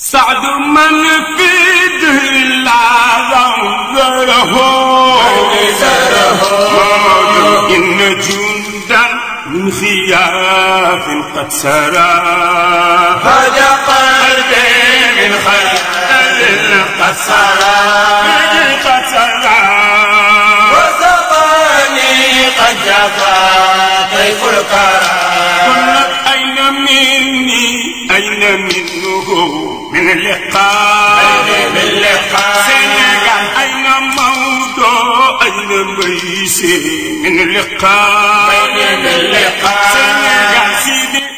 سعد من في دهر العظم زره زره إن جندا من خياف قد سرى هذا قلبي من خيال قد سرى قد سرى وسطاني قد جفا طيف الكرى قلت أين مني أين منه من اللقاء من اللقاء سنغال أين موضوع أين ميسي من اللقاء من اللقاء سنغال سيدي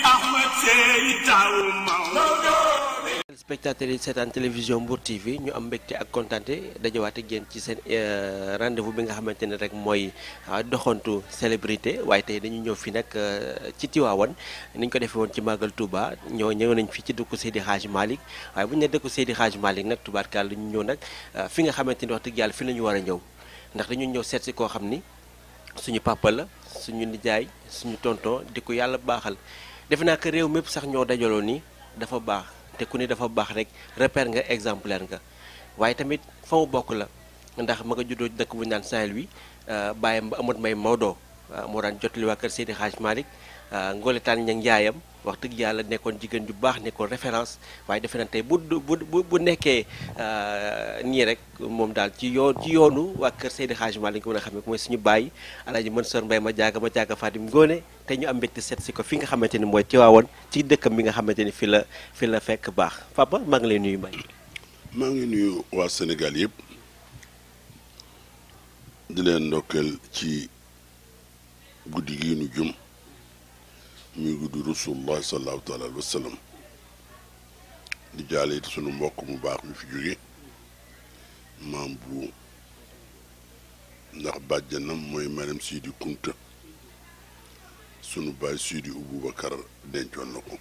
téléspectateurs yi seetaan télévision Mbour ñu am mbégte ak kontante dajawaat ak ci seen euh, rendez-vous bi nga xamante ne rek mooy euh, doxantu célébrité waaye tey dañu ñëw fi nag euh, ci Tiwaawan ni ñu ko defee woon ci Magal Touba ñoo ñëw nañ fi ci dëkku Seydi Hadj Malick waaye bu ñu ne dëkku Seydi Hadj Malick nag tubaarkaal la ñu ñëw nag fi nga xamante ni wax dëgg yàlla fi la ñu war a ñëw ndax dañu ñëw seet si koo xam ni suñu papa la suñu nijaay suñu tonton di ko yàlla baaxal defe naa que réew mépp sax ñoo dajaloo ni dafa baax te ku ne dafa baax rek repère nga exemplaire nga waaye tamit fa mu bokk la ndax ma nga juddoo dëkk bu ñu naan wi louis euh, bàyyam ba amat may Maodo moo daan jottali waa kër Seydi Hadj Malick Euh, Ngolé Tall Niang yaayam wax dëgg yàlla nekkoon jigéen ju baax nekkoon référence waaye defe naa tey bu bu bu nekkee euh, nii rek moom daal ci yoon ci yoonu waa kër Seydi Hadji Malick lañ ko mën a xamee mooy suñu bàyyi Alaaji Mansour mbay ma jaaga ma jaaga Fatim Ngoone te ñu am mbégte seet si ko fi nga xamante ni mooy Tiwaawoon ci dëkkam bi nga xamante ni fi la fi la fekk baax Papa maa ngi lay nuyu Mbaye. maa ngi nuyu waa Sénégal yëpp di leen ndokkeel ci guddi gi jum. mi ngi gudd rasulullahi sallallahu taala alayhi di jaale it sunu mbokk mu baax mi fi jóge maam bu ndax bàjjanam mooy maram Sidi Kunta sunu baay Sidi Abubakar dencoon na ko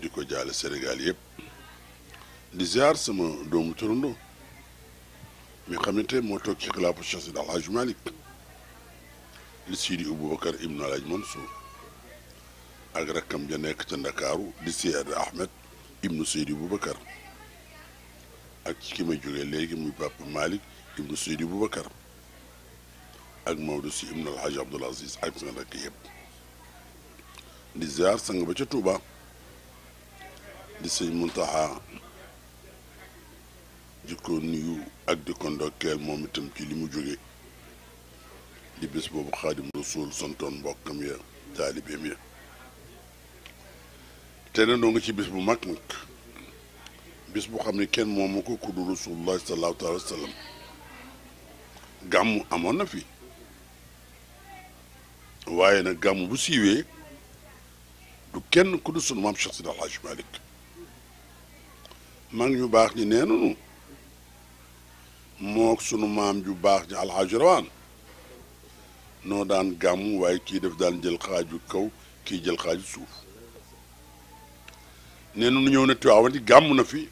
di ko jaale Sénégal yëpp di jaar sama doomu turando mi xamante moo toog ci xilaafu Cheikh Seydi El Hadji Malick li Sidi Aboubacar ibnu Alaj Mansour ak rakkam ja nekk ca ndakaaru di Seydi Ahmed ibnu Seydi Aboubacar ak ci ki ma jógee léegi muy Papa Malick ibnu Seydi Aboubacar ak Maodo si ibnu Alhaj Abdoul Aziz ak seen rakk yëpp di ziar sang ba ca Touba di sëñ Muntaxa di ko ak di ko ndokkeel moom itam ci li mu jógee di bés boobu xaadim rasul santoon mbokkam ya taalibeem ya te ne doo nga ci bés bu mag nag bés bu xam ne kenn moomu ko kudu rasulullah sallallahu alayhi wa sallam gàmm amoon na fi waaye nag gàmm bu siiwee du kenn ku du sunu maam Cheikh Sidi El Hadj mag ñu baax ñi nee nañu sunu maam ju baax ñi alxaaj noo daan gàmm waaye kii def daan jël xaaju kaw kii jël xaaju suuf nee nu ñëw na Tiwaawan di gàmmu na fi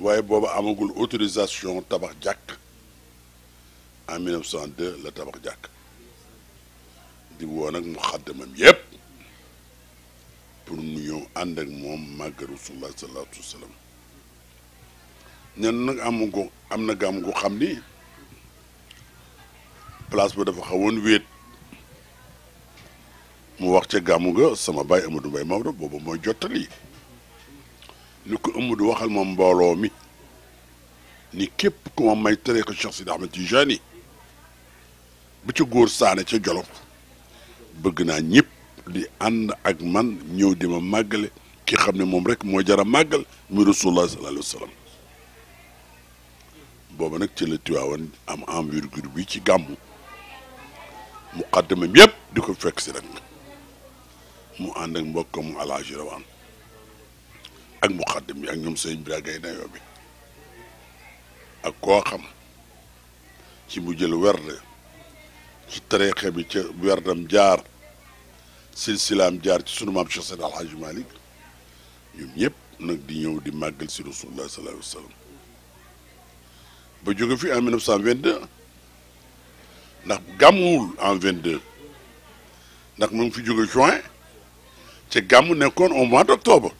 waaye booba amagul autorisation tabax jàkk en 1902 la tabax jàkk di woo nag mu xaddamam yépp pour mu ñëw ànd ak moom màgg rasulullah sallallahu alayhi wa sallam nag amu ko am na gàmm gu xam ni place ba dafa xawoon wéet mu wax ca gàmmu ga sama baay Amadou Mbaye Maodo boobu mooy jottali ni ko Amadou waxal moom mbooloo mi ni képp ku ma may tariqa Cheikh Sidi Ahmed Tijani bu ca góor saane ca jolo bëgg naa ñëpp di ànd ak man ñëw di ma màggale ki xam ne moom rek moo jara màggal muy rasulullah sallallahu alayhi wa booba nag ci la Tiwaawan am envergure bi ci gàmmu مقدمة يب دوكو فيكس لنا مو عندك مبكة على جروان أك مقدمة أك نم سيد برا يوبي أك قاكم شيء مجيل ورد شيء طريقة بيت ورد مجار سلسلة مجار تسمع بشخص الحاج مالك يوم يب نك دينيو دي ماجل سيرو صلى الله عليه وسلم بجوجو في عام 1922 ndax gàmmuwul en vingt 22 ndax mu ngi fi jóge juin ca gàmm nekkoon au mois d' octobre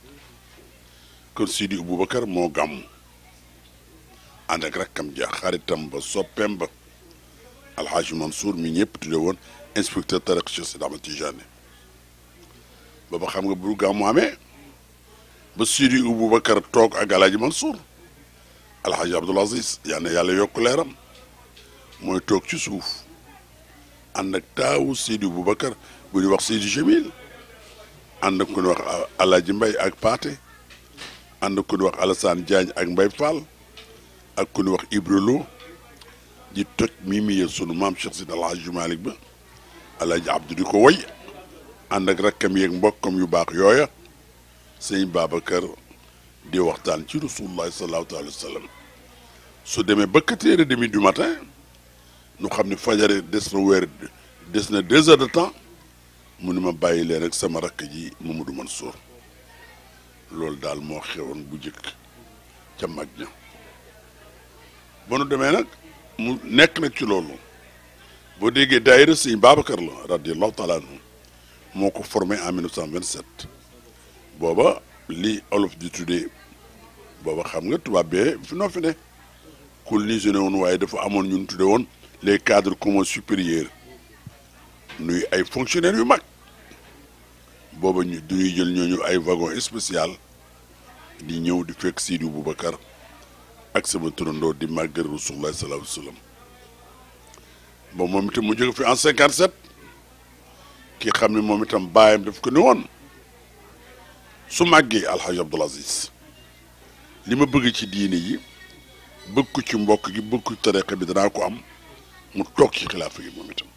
kon Sidi Boubacar moo gàmm ànd ak rakkam ja xaritam ba soppeem ba alxaaji Mansour mi ñëpp tudde woon inspecteur tariqa Cheikh Sidi Ahmed Tidiane ba ba xam nga bu gàmmu amee ba Sidi Boubacar toog ak alxaaji Mansour alxaaji Abdoul Aziz yaa ne yàlla yokk leeram mooy toog ci suuf ànd ak taawu Seydou Boubacar bu ñuy wax Seydou Jamil ànd ak ku ñuy wax Alaaji Mbay ak Paate ànd ak ku ñuy wax Alassane Diagne ak Mbay Fall ak ku ñuy wax Ibra Lo di toj mimiye sunu maam Cheikh Sidi El Hadji Malick Alaaji Abdou di ko woy ànd ak rakkam yeeg mbokkam yu baax yooya sëñ Babacar di waxtaan ci rasulullahi sallallahu su demee ba quatre heures du matin nu xam ni fajare des na weer des na deux heures de temps mu ni ma bàyyi leen rek sama rakk ji Mamadou Mansour loolu daal moo xewoon bu njëkk ca mag ña ba nu demee nag mu nekk nag ci loolu boo déggee daayira sëñ Babacar la radiallahu taala anhu moo ko formé en vingt 1927 booba li olof di tuddee booba xam nga tubaab bee fi noo fi ne colonisé woon waaye dafa amoon ñu ñun tudde woon les cadres communs supérieurs nuy ay fonctionnaires yu mag booba ñu duñuy jël ñooñu ay wagon spécial di ñëw di fekk Sidi Boubacar ak sama turandoo di màggal Rasulullah sallallahu alayhi wa sallam ba moom itam mu jóge fi en 57 ki xam ne moom itam baayam daf ko ni woon su màggee Alhaji Abdoul Aziz li ma bëgg ci diine yi bëgg ko ci mbokk gi bëgg ko ci bi danaa ko am mu toog ci xilaafa gi moom itam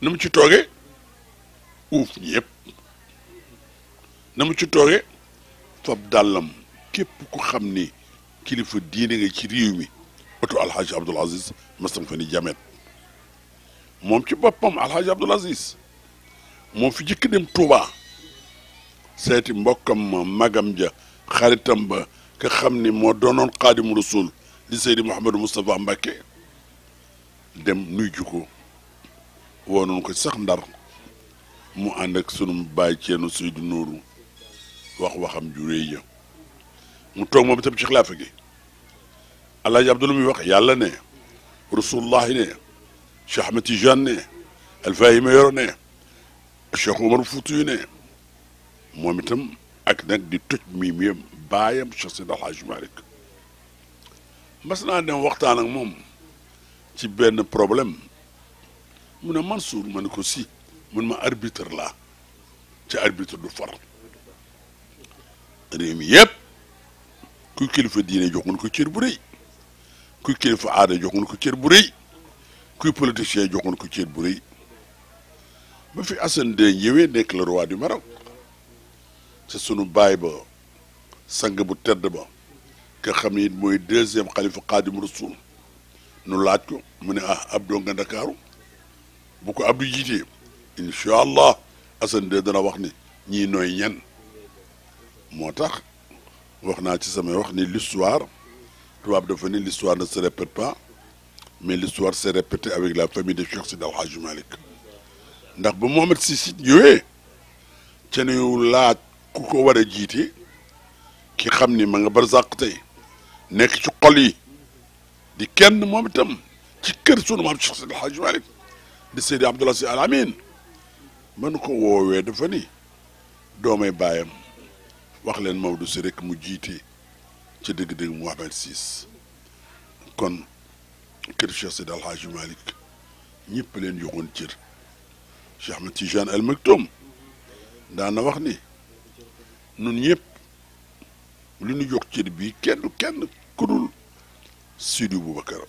na mu ci tooge uuf ñëpp na mu ci tooge fab dàllam képp ku xam ni kilifa diine nga ci réew mi oto alxaaji abdul aziz masam moom ci boppam alxaaji abdul aziz moom fi jëkk dem tuuba seeti mbokkam magam ja xaritam ba nga xam ni moo doonoon xaadimu rasul li seydi mouhamadou moustapha mbàkke dem nuy ju ko woonoon ko sax ndar mu ànd ak sunu bàyyi ceenu Seydu Nuuru wax waxam ju mu toog moom itam ci xilaafa gi alaaji Abdul muy wax yàlla ne rasulullahi ne Cheikh ma Tijaan ne Alfaayi Mayoro ne Cheikh Umar Fuutiyu ne moom itam ak nag di toj mii baayam Cheikh Seydi Alhaaji Malick mas naa dem waxtaan ak moom ci benn problème mu ne Mansour ma ne ko si mun ma arbitre laa ci arbitre du far réew mi yëpp ku kilifa diine jox nga ko cër bu rëy ku kilifa aada jox nga ko cër bu rëy ku politicien jox nga ko cër bu ba fi Assane Dieng ñëwee nekk le roi du Maroc sunu baay ba sang bu de ba nga xam ne it mooy deuxième xalifa Xaadim Rasul nu laaj ko mu ne ah Abdou nga Ndakaaru bu ko Abdou jiitee incha allah Assane de dana wax ni ñii nooy ñen moo tax wax naa ci samay wax ni l'histoire tubaab dafa ni l'histoire ne se répète pas mais l'histoire se répétée avec la famille de Cheikh Sidi El malik ndax ba Mohamed si ñëwee ca ñu laaj ku ko war a jiite ki xam ni ma nga barzaq tey nekk ci xol yi di kenn moom itam ci kër sunu maam Cheikh Seydi Hadji Malick di Seydi Abdoulaye Sy Al Amine mën ko woowee dafa ni doomay baayam wax leen Maodo si rek mu jiite ci dëgg-dëgg Mouhamed Ciss kon kër Cheikh Seydi Al Hadji Malick ñëpp leen yoxoon cër Cheikh Ahmed Tidiane Al Maktoum daana wax ni nun ñëpp lu ñu jox cër bii kenn kenn ku dul Sidi Boubacar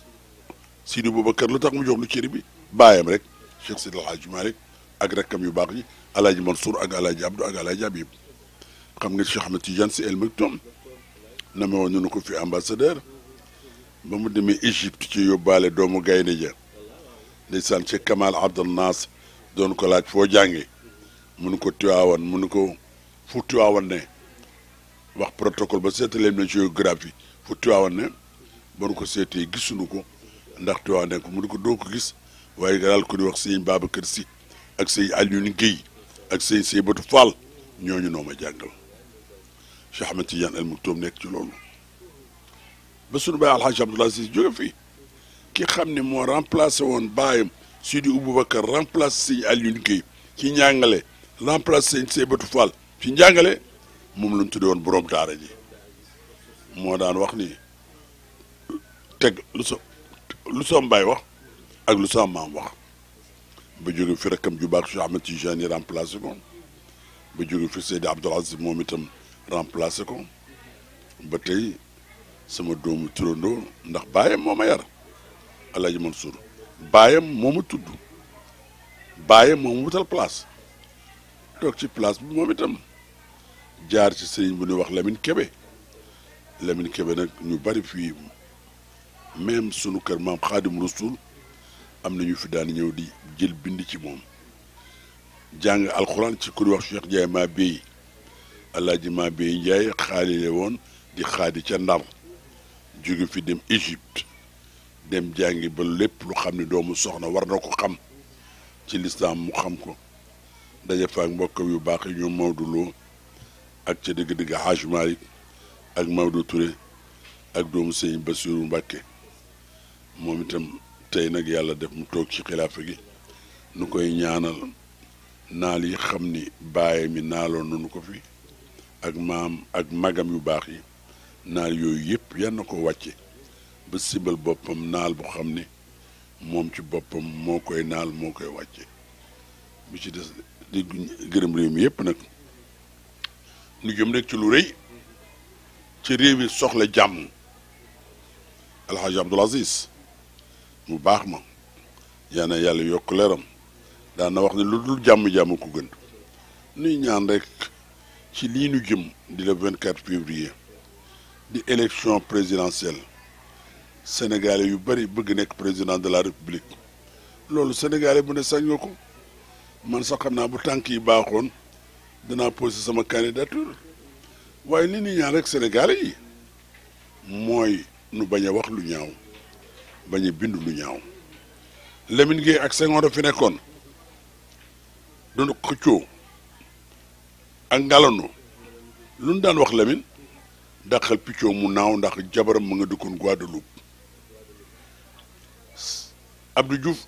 Sidi Boubacar lu tax mu jox lu cër bi baayam rek Cheikh Sidi El Hadj Malick ak rakkam yu baax yi El Hadj Mansour ak El Hadj Abdou ak El Hadj Habib xam nga Cheikh Ahmed Tidiane si El Maktoum ko fi ambassadeur ba mu demee Égypte ci yóbbaale doomu gaynde ja ndeysaan Cheikh Kamal Abdel Nas doon ko laaj foo jànge mu nu ko Tiwaawan munu ko fu Tiwaawan ne wax protocole ba seetaleen na géographie fu Tiwaawan ne baru ko seetee gisuñu ko ndax Tiwaawan ne ko mu ko doo gis waaye daal ko di wax sëñ Babacar Si ak sëñ Alioune Guèye ak sëñ Seybatu Fall ñooñu noo ma jàngal Cheikh Ahmed Tidiane nekk ci loolu ba sunu baay Alhaji Abdoulaye Si jóge fii ki xam ni moo remplacé woon baayam Sidi Aboubacar remplacé sëñ Alioune Guèye ci njàngale remplacé sëñ Seybatu Fall ci njàngale moom lañ tudde woon borom daara ji moo daan wax ni teg lu sa lu sa wax ak lu sa maam wax ba jóge fi rakkam ju baax Cheikh Ahmed Tidiane remplacé ko ba jóge fi Seydi Abdoul Aziz moom itam remplacé ko ba tey sama doomu turandoo ndax baayam moom ma yar El Hadj Mansour baayam moo ma tudd baayam moo ma wutal place toog ci place bi moom itam jaar ci sëriñ bu ñuy wax Lamine Kebe Lamine Kebe nag ñu bari fii. même sunu kër maam xaadim rasul am na ñu fi daan ñëw di jël bind ci moom jàng alxuraan ci ku wax Cheikh Ndiaye maa béy alaaji maa béy Ndiaye xaalile woon di xaadi ca ndar jóge fi dem Égypte dem jàngi ba lépp lu xam ni doomu soxna warna ko xam ci lislaam mu xam ko daje fa ak mbokkam yu baax yi ñoom Maodo ak ca dëgg-dëgg Hajj Malick ak Maodo Touré ak doomu sëñ Bassirou Mbacké moom itam tey nag yàlla def mu toog ci xilaafa gi nu koy ñaanal naal yi xam ni baaye mi naaloon nanu ko fi ak maam ak magam yu baax yi naal yooyu yëpp yan na ko wàcce ba sibal boppam naal bu xam ni moom ci boppam moo koy naal moo koy wàcce bu ci des di gërëm réew mi yëpp nag nu jëm rek ci lu rëy ci réew mi soxla jàmm alxaaji Abdul Aziz bu baax ma yal na yàlla yokk leeram daan na wax ne lu dul jàmm-jàmm ko gën nuy ñaan rek ci lii nu jëm di le 24 février di élection présidentielle sénégalais yu bari bëgg nekk président de la république loolu sénégalais bu ne sañ ko man sax xam naa bu tànk yi baaxoon danaa posé sama candidature waaye li nu ñaan rek sénégalais yi mooy nu bañ a wax lu ñaaw bañ a bind lu ñaaw Lamine Gueye ak Senghor fi nekkoon doon xëccoo ak ngalanu lu ñu daan wax Lamine dàqal piccoo mu naaw ndax jabaram mu nga dëkkoon Guadeloupe Abdou Diouf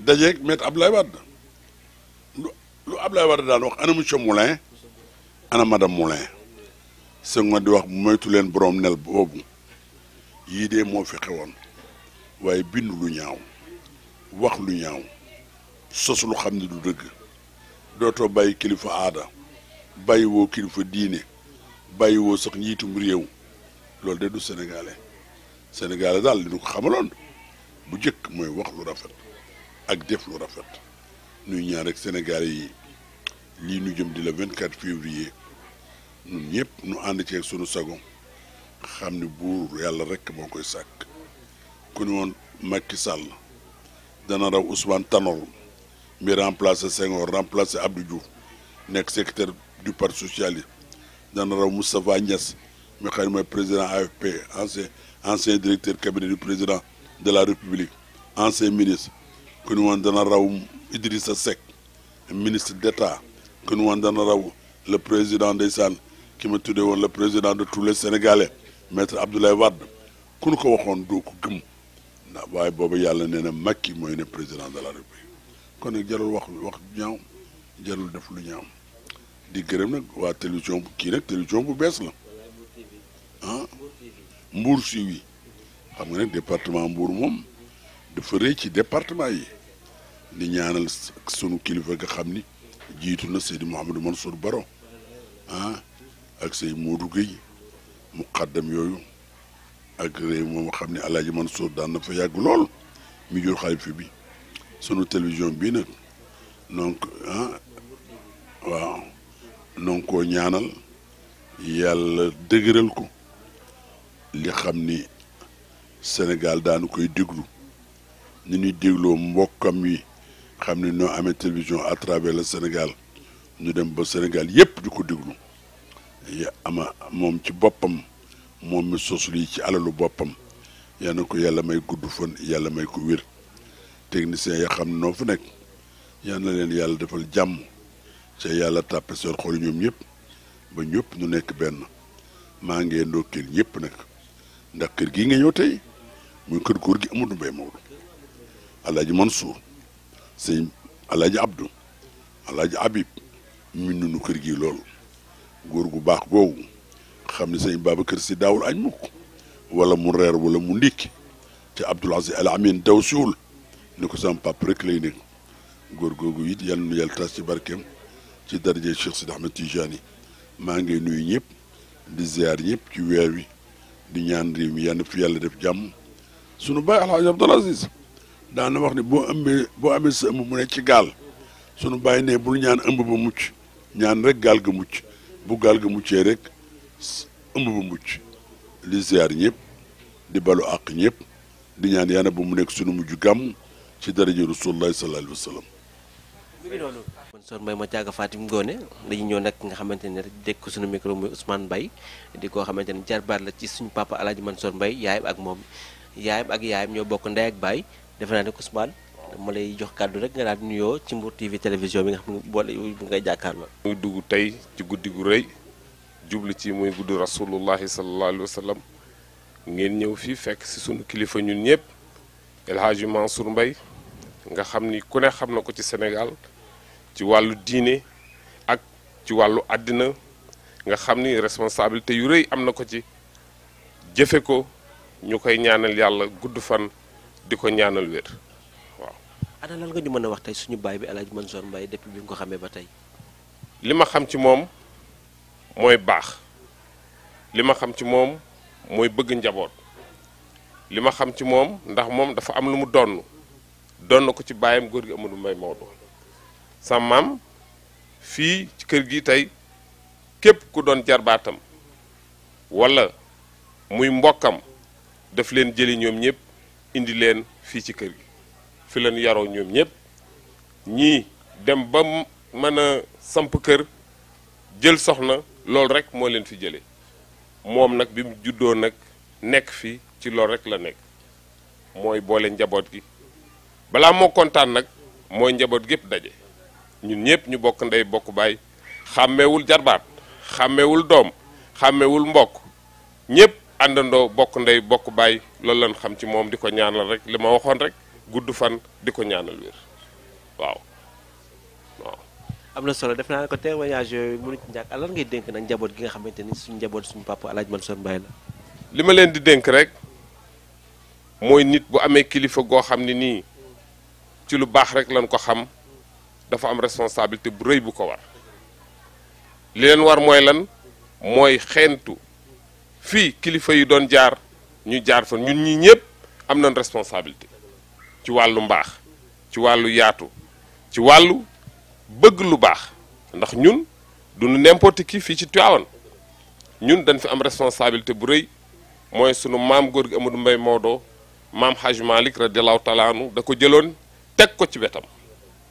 dajeeg ab Abdoulaye Wade lu lu Abdoulaye Wade daan wax ana monsieur Moulin ana madame Moulin Senghor di wax moytu leen borom nel boobu yii de moo fi xewoon waaye bind lu ñaaw wax lu ñaaw sos lu xam ni du dëgg dootoo bàyyi kilifa aada bàyyiwoo kilifa diine bàyyiwoo sax njiitum réew loolu de du sénégalais sénégalais daal li ñu ko xamaloon bu njëkk mooy wax lu rafet ak def lu rafet nuy ñaan rek sénégalais yi li nu jëm di la 24 février ñun ñëpp nu ànd ceeg sunu sago xam ni buur yàlla rek moo koy sàkk nous ñu Ousmane Tanor mi remplacé Senghor remplacer Abdou du parti socialiste dana raw Moustapha Niass mi président AFP ancien ancien directeur cabinet du président de la République ancien ministre que nous Idrissa Sek, ministre d'État que nous le président des qui qui me le président de tous les Sénégalais maître Abdoulaye wad, ndax waaye boobu yàlla nee na Macky mooy ne président de la république kon nag jarul wax wax ñaaw jarul def lu ñaaw di gërëm nag waa télévision bu kii nag télévision bu bees la ah Mbour suivi xam nga nag département Mbour moom dafa rëy ci département yi di ñaanal sunu kilifa nga xam ni jiitu na Seydi Mouhamadou Mansour Baro ah ak say Modou Gueye muqaddam yooyu ak réew moom xam ne Alaaji Mansour daan na fa yàgg lool mi jur xalifa bi sunu télévision bii nag donc ah waaw non ñaanal yàlla dëgëral ko li xam ni senegal daanu koy déglu ni ñuy dégloo mbokkam yi xam ni noo amee télévision à travers le Sénégal ñu dem ba Sénégal yépp di ko diglu ya ama moom ci boppam moom mi sos lii ci alalu boppam yal na ko yàlla may gudd fan yàlla may ko wér techniciens ya xam noo fa nekk yal na leen yàlla defal jàmm ca yàlla tàppe seen xol ñoom ñëpp ba ñëpp ñu nekk benn maa ngi ndokkeel ñëpp nag ndax kër gii nga ñëw tey muy kër góor gi Amadou bay Maodo alaaji Mansour sëñ alaaji Abdou alaaji Habib min nunu kër gi lool góor gu baax googu xam ne sëñ Babacar si daawul añ mukk wala mu reer wala mu ndikki ci Abdoul Aziz Al Amin daw siwul ni ko sama pap rek lay nekk góor googu it yal nu yàlla tas ci barkeem ci daraje Cheikh Sidi Ahmed Tijani maa ngi nuyu ñëpp di ziar ñëpp ci weer wi di ñaan réew mi yal fi yàlla def jàmm sunu baay alxaaji Abdoul Aziz daan na wax ne boo ëmbee boo amee sa ëmb mu nekk ci gaal sunu baay ne bul ñaan ëmb ba mucc ñaan rek gaal ga mucc bu gaal ga rek ëmb mu mucc li ziar ñëpp di balu àq ñëpp di ñaan yàlla bu mu nekk sunu mujj gàmm ci daraja rasulullahi sallallahu alayhi wa sallam kon soor Mbaye ma caaga Fatim Ngoone dañu ñëw nag nga xamante ne dégg ko suñu micro muy Ousmane di koo xamante ne jarbaat la ci suñu papa Alaaji Mansour Mbaye yaayam ak moom yaayam ak yaayam ñoo bokk ndey ak baay defe naa ne Ousmane ma lay jox kàddu rek nga daal nuyoo ci Mbour TV télévision bi nga xam ne boole bi ngay jàkkaarloo. ñu dugg tey ci guddi Jubli ci muy gudd Rasulullah sallallahu alayhi wa sallam ngeen fak fii fekk si sunu kilifa ñun El Hadji Mansour Mbaye nga xam ni ku ne xam na ko ci Sénégal ci wàllu diine ak ci wàllu àddina nga xam ni responsabilité yu rëy am na ko ci jëfe ko ñu ñaanal fan di ñaanal wér waaw. ana lan nga ñu mën wax tey suñu baay bi El Hadji Mansour Mbaye depuis bi nga ko xamee ba tey. li xam ci mooy baax li ma xam ci moom mooy bëgg njaboot li ma xam ci moom ndax moom dafa am lu mu donn donn ko ci baayam góor gi Amadou Mbaye Maodo sa maam fii ci kër gi tey képp ku doon jarbaatam walla muy mbokkam daf leen jëli ñoom ñëpp indi leen fii ci kër gi fi leen yaroo ñoom ñëpp ñii dem ba mën a samp kër jël soxna loolu rek moo leen fi jëlee moom nag bi mu juddoo nag nekk fii ci loolu rek la nekk mooy boole njaboot gi balaa moo kontaan nag mooy njaboot gépp daje ñun ñëpp ñu bokk ndey bokk baay xàmmewul jarbaat xàmmewul doom xàmmewul mbokk ñëpp àndandoo bokk ndey bokk baay loolu lañ xam ci moom di ko ñaanal rek li ma waxoon rek gudd fan di ko ñaanal wér waaw waaw Amla na solo def naa ko témoignage yooyu mënu lan ngay dénk nag njaboot gi nga xamante ni suñu njaboot suñu papa El Mansour Mbaye la. li ma di dénk rek mooy nit bu amee kilifa goo xam ne ci lu rek lañ ko xam dafa am responsabilité bu bu ko war li war mooy lan mooy xeentu fi kilifa yi doon jaar ñu jaar fa ñun ñi ñëpp am nañ responsabilité ci wàllu mbaax ci wàllu yaatu ci wàllu. bëgg lu baax ndax ñun du n'importe qui fii ci Tivaouane ñun dañ fi am responsabilité bu rëy mooy sunu maam góor gi Amadou Mbaye Maodo maam Hadj Malick radiallahu taala da ko jëloon teg ko ci wetam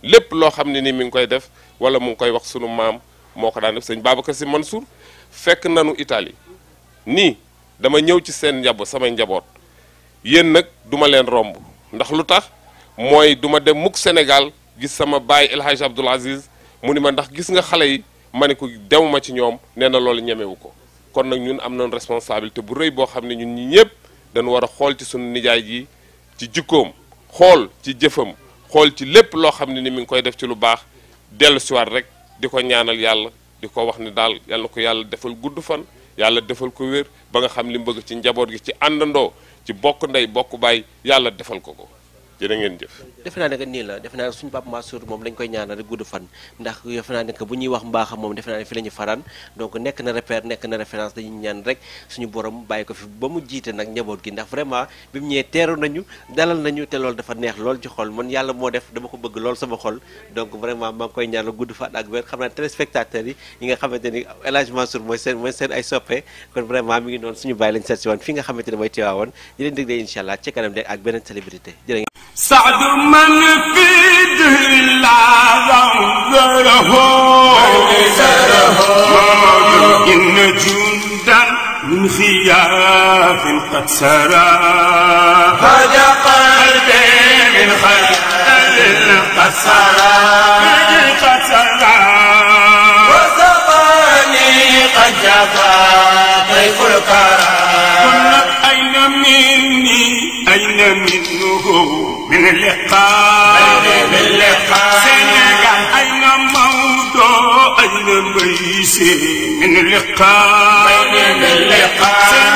lépp loo xam ne ni mi ngi koy def wala mu ngi koy wax sunu maam moo ko daan def sëñ Babacar Sy Mansour fekk nanu itali nii dama ñëw ci seen njaboot samay njaboot yéen nag duma leen romb ndax lu tax mooy duma dem mukk Sénégal gis sama baay El Hadj Abdoul Aziz mu ni ma ndax gis nga xale yi ma ne ko dewuma ci ñoom nee na loolu ñemewu ko kon nag ñun am nañ responsabilité bu rëy boo xam ne ñun ñi ñëpp dañu war a xool ci suñu nijaay ji ci jikkoom xool ci jëfam xool ci lépp loo xam ne ni mi ngi koy def ci lu baax dellu siwaat rek di ko ñaanal yàlla di ko wax ni daal yàlla ko yàlla defal gudd fan yàlla defal ko wér ba nga xam li mu bëgg ci njaboot gi ci àndandoo ci bokk ndey bokk baay yàlla defal ko ko jërë ngeen jëf defe naa ne que nii la defe naa ne suñu Pape Mansour moom dañ koy ñaanal rek gudd fan ndax defe naa bu ñuy wax mbaaxam moom defe naa ne fi la ñu faraan nekk na repère nekk na référence dañuy ñaan rek suñu borom bàyyi ko fi ba mu jiite nag njaboot gi ndax vraiment bi mu ñëwee teeru nañu dalal nañu te loolu dafa neex lool ci xol man yàlla moo def dama ko bëgg lool sama xol donc vraiment maa koy ñaanal gudd fan ak wér yi yi nga xamante ni El Hadj Mansour mooy seen mooy seen ay ngi noonu suñu bàyyi lañ seet si woon fi mooy Tiwaawoon di leen dégg dee incha allah ci kanam de ak beneen célébrité jërë ngeen سعد من في دهر العظم زره زره إن جندا من خياف قد سرى هدى قلبي من خيال قد سرى قد سرى وسقاني قد جفا طيف الكرى ويسي من اللقاء من اللقاء